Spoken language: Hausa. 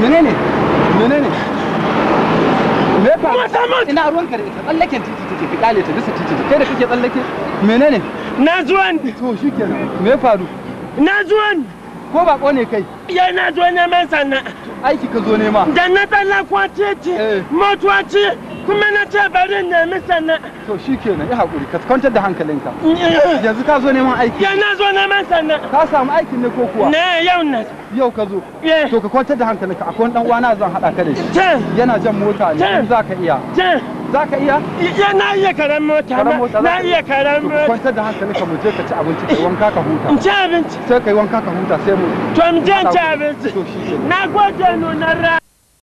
menene menene me fa ina ruwan kare ita tsallaken titi take ki kale ta bisa titi kai da kake tsallake menene na zuwan to shikenan me faru na zuwan ko bako ne kai ya na zuwan neman sana'a aiki ka zo nema da na tsalla kwace ce eh. mutuwa ce kuma na ce bari nemi sannan to shi kenan yi haƙuri ka kwantar da hankalinka yanzu ka zo neman aiki ya na zo neman sannan ka samu aikin ne ko kuwa ne yau na yau ka zo eh. to ka kwantar da hankalinka akwai ɗan uwana zan haɗa ka da shi yana jan mota ne za ka iya za ka iya? Ya na iya karen mota na iya karen mota. Kwantar da hankalinka mu je ka ci abinci kai wanka ka huta. In ci abinci. Sai kai wanka ka huta sai mu. To mu je ci abinci. Na gode nunar ra.